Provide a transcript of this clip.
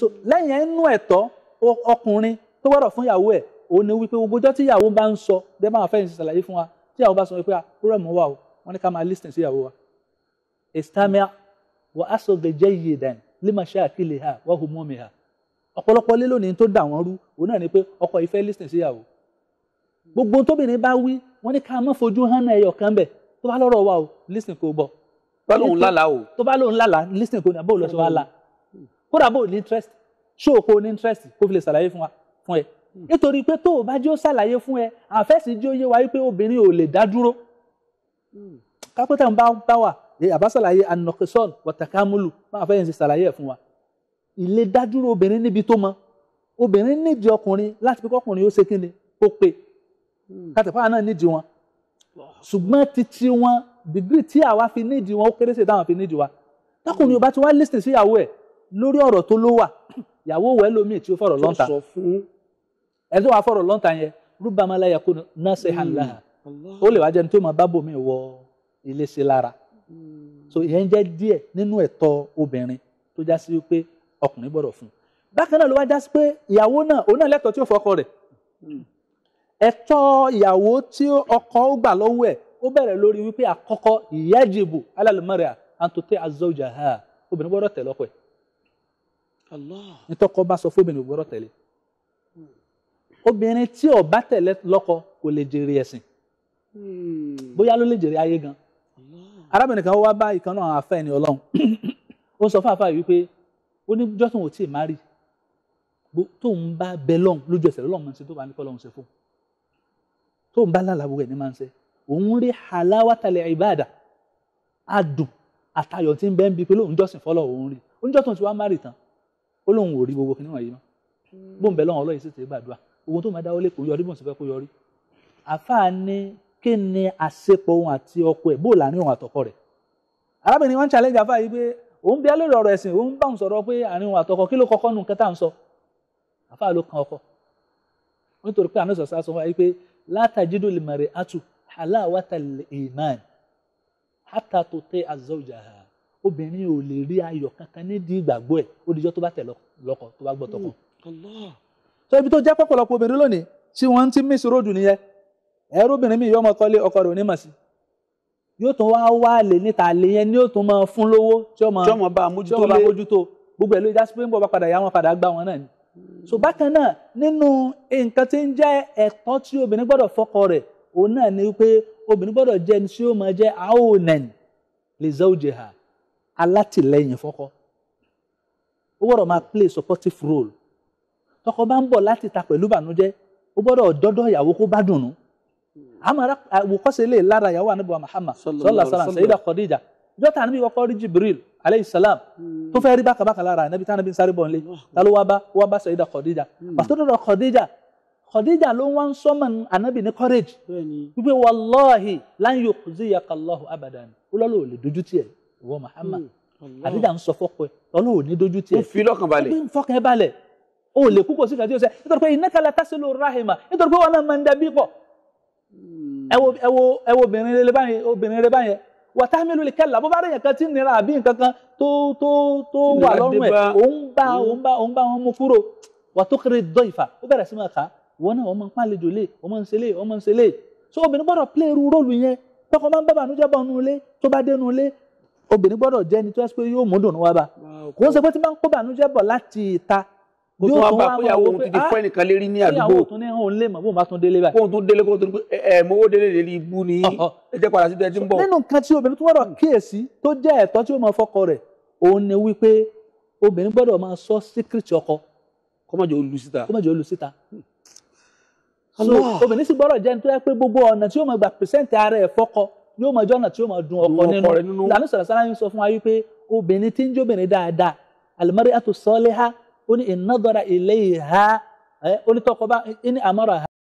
so lẹ́yìn ẹ̀ nú ẹ̀tọ́ ọkùnrin tó gbọ́dọ̀ fún ìyàwó ẹ̀ òun ni wípé gbogbo ọjọ́ tí ìyàwó bá ń sọ bẹ́ẹ̀ máa fẹ́yìn ṣàlàyé fún wa tí ìyàwó bá sọ wípé àkúrẹ̀ ah, mọ́ wa o wọ́n ní ká máa lísìn sí ìyàwó wa. istamia wa asọ̀gẹ̀ jẹ́ iye dàn lima ṣe àkìlẹ̀ ha wa hu mọ́ mi ha ọ̀pọ̀lọpọ̀ lé lónìí tó dà wọ́n rú òun náà ni pé ọkọ ìfẹ́ lísìn sí ìyàwó. gbogbo tóbìnrin bá wí wọ́n ní ká má fojú hàn náà ẹyọ kan bẹ̀ tó bá lọ́rọ̀ wa o lísìn kò bọ̀. tó o tó bá lóun lálàá lísìn kò ní àbọ̀ òun kódà bò ní interest ṣó o kò ní interest kó fi lè ṣàlàyé fún wa fún ẹ nítorí pé tó o bá jẹ́ ó ṣàlàyé fún ẹ àfẹ́sí jẹ́ ó yé wa wípé obìnrin ò lè dá dúró kápẹ́tà ń bá wà àbáṣàlàyé anokison wọ̀tàkámúlù máa fẹ́ yẹn ṣe ṣàlàyé ẹ̀ fún wa ilé dádúró obìnrin níbi tó mọ obìnrin nídìí ọkùnrin láti pípọ́ ọkùnrin ó ṣe kí ni ó pe kàtàpá náà nídìí wọn ṣùgbọ́n títí wọn dìgírì tí àwa fi nídìí wọn ó kéré sí ìdáhùn fi nídìí wa tọkùnrin ò bá ti wá lísìn síyàwó ẹ̀ lórí ọ̀rọ̀ tó ló wà ìyàwó wẹ̀ lómi tí ó fọ̀rọ̀ lọ́ǹta ẹni tó wàá fọ̀rọ̀ lọ́ǹta yẹn rúbàmọ́ aláya kó nasihan hmm. ó lè wáá jẹni tó máa bá bòmí wọ ilé sí lára hmm. so ìyẹn jẹ́ díẹ̀ nínú ẹ̀tọ́ obìnrin tó já sí wípé ọkùnrin gbọ́dọ̀ fún un bákan náà ló wá já sí pé ìyàwó náà òun náà lẹ́tọ̀ọ́ tí ó fọkọ rẹ̀ hmm. ẹ̀tọ́ ìyàwó tí ó gbà lọ́wọ́ ẹ̀ ó bẹ̀rẹ̀ lórí wípé àkọ́kọ́ ala obìnrin nítọ́kọ bá sọ fóbìnrin ògbọ́dọ̀ tẹ̀lé obìnrin tí ò bá tẹ̀lé lọ́kọ kò lè jèrè ẹ̀sìn hmm. bóyá ló lè jèrè ayé gan arábìnrin kan wá bá ìkan náà àfẹ́ ẹni ọlọ́run ó sọ fún àfáà wípé ó ní jọ́sùn ò tí ì má rí tóun bá bẹ lọ́hùn lójú ẹsẹ̀ lọ́hùn máa ń ṣe tó bá ní kọ́ ṣe fún tóun bá lálàbò ẹ̀ ní máa ń ṣe òun rí haláwátàlẹ̀ ìbáàdà adùn àtayọ̀ tí ń bẹ́ ń bi pé lóun jọ́sìn fọ́lọ́ òun rí oníjọ́sùn tí wàá má rí tán ó lóun ò rí gbogbo kìnìún wọ̀nyí mọ́ hmm. bóun bẹ lọ́wọ́ ọlọ́yìn sì ti gbàdúrà ogun tó máa dáwọ́ lé kò yọrí bóun sì fẹ́ kó yọrí àfáà ní kí ni àṣepọ̀ ohun àti ọkọ ẹ̀ bóò láàrin òun àtọkọ rẹ̀ arábìnrin wọn ń challenge àfáà yìí pé òun bí alóòrè ọ̀rọ̀ ẹ̀sìn òun bá òun sọ̀rọ̀ pé òun àtọkọ kí ló kọ́kọ́ ń sọ àfáà ló kan ọkọ nítorí pé àná sọ̀sá sọ fún wa pé obìnrin ò lè rí ayọ̀ kankan nídìí ìgbàgbọ́ ẹ̀ ó dijọ́ tó bá tẹ̀ lọ́kọ tó bá gbọ́ tọkọ. Hmm, sọ ibi tó jẹ́ pọ̀pọ̀lọpọ̀ obìnrin lónìí tí wọ́n ti mí sòròdù nìyẹn ẹ̀rọ obìnrin mi yọ ọmọ kọ́lé ọkọ rẹ̀ ò ní mọ̀ sí yóò tún wá wá lè níta lè yẹn ni yóò tún máa fún lówó tí ọmọ bá mójútó gbogbo ẹ̀ ló já sí pé ń bọ̀ bá padà yá padà gbá wọn náà ni. so bákan náà nínú nǹkan tí ń jẹ́ ẹ̀tọ́ tí obìnrin gbọ́dọ̀ fọ́kọ rẹ̀ òun náà ni pé obìnrin gbọ́dọ̀ jẹ́ ẹni tí ó máa jẹ́ aonen lè zẹ́ òjè alátìlẹ́yìn fọ́kọ ó gbọ́dọ̀ máa play supportive role tọkọ bá ń bọ̀ láti ta pẹ̀lú ìbànújẹ́ ó gbọ́dọ̀ dọ́dọ̀ ìyàwó kó bá dùnú àmàrà àwòkọ́ṣe lè lára ìyàwó ànábì Muhammad sallallahu alaihi wasallam Sayyida Khadija ìjọta ànábì kọ́kọ́ rí Jibril aleyhi salam tó fẹ́ rí bákàbákà lára ànábì tí ànábì ń sáré bọ̀ nílé ta ló bá wá bá Sayyida Khadija hmm. pàtó dọ̀dọ̀ Khadija Khadija ló wá ń sọ́mọ̀ ànábì ní courage wípé wallahi lan yukhziyaka Allahu abadan ó lọ́lọ́ ò ìwọ Muhammad hmm, àbídà ń sọ fọ́pọ̀ ọlọ́run ní dojú tiẹ̀ ó fi lọ́kàn balẹ̀ ó fi fọ́kàn balẹ̀ ó lè kúkọ̀ sí ìdájọ́ sẹ́ nítorí pé iná kala tásílò rahima nítorí pé wọn náà máa ń dàbí pọ̀ hmm. ẹ wo ẹ wo ẹ wo obìnrin rere báyẹn obìnrin rere báyẹn wàtá mélòó lè kẹ́là bó bá rẹ̀ yẹn kan tí ń nira àbí nǹkan kan tó tó tó wà lọ́rùn ẹ̀ òun bá òun bá òun hmm. bá wọn mú kúrò wàtó kéré dọ́ ìfà ó bẹ̀rẹ̀ sí máa kà á wọn náà wọn máa ń pàlejò lé wọn máa ń ṣe lé máa ń ṣe so obìnrin gbọ́dọ̀ play irú róòlù yẹn tọkọ máa ń bá bànújẹ́ bọ̀ nù tó bá dé nù obìnrin gbọ́dọ̀ jẹ́ ẹni tó yẹ pé yóò mú dùn wá bá kò ń sọ pé tí máa ń kó bànújẹ́ bọ̀ láti ìta yóò tún wá bá kóyàwó òun ti di ah, fún ẹnìkan lérí ní àdúgbò kóyàwó tún ní òun lè mọ̀ bóun bá tún délé báyìí kóun tún délé kóun tún ẹ mowó délé lèlí ibú ni ẹ jẹ́ padà síbi ẹ ti ń bọ̀. nínú nǹkan tí obìnrin tún gbọ́dọ̀ hmm. kíyèsí tó jẹ́ ẹ̀tọ́ tí ó máa fọ́kọ rẹ̀ òun ni wípé obìnrin gbọ́dọ̀ máa sọ síkírìtì ọkọ kọ́mọ̀jọ́ hmm. so obìnrin sì gbọ́dọ̀ jẹ́ nítorí pé gbogbo ọ̀nà tí ó máa gbà pèsèǹtì ara ẹ̀ fọ́kọ yóò mọ jọ́nà tí yóò mọ dùn ọkọ nínú lànà sọ̀rọ̀ sára yín sọ fún wa yìí pé obìnrin tí ń jóbìnrin dáadáa alimari ato sọ́ọ́lẹ́ ha ó ní ìnádọ́ra ilé ìhá ó ní tọkọ bá ó ní àmọ́ra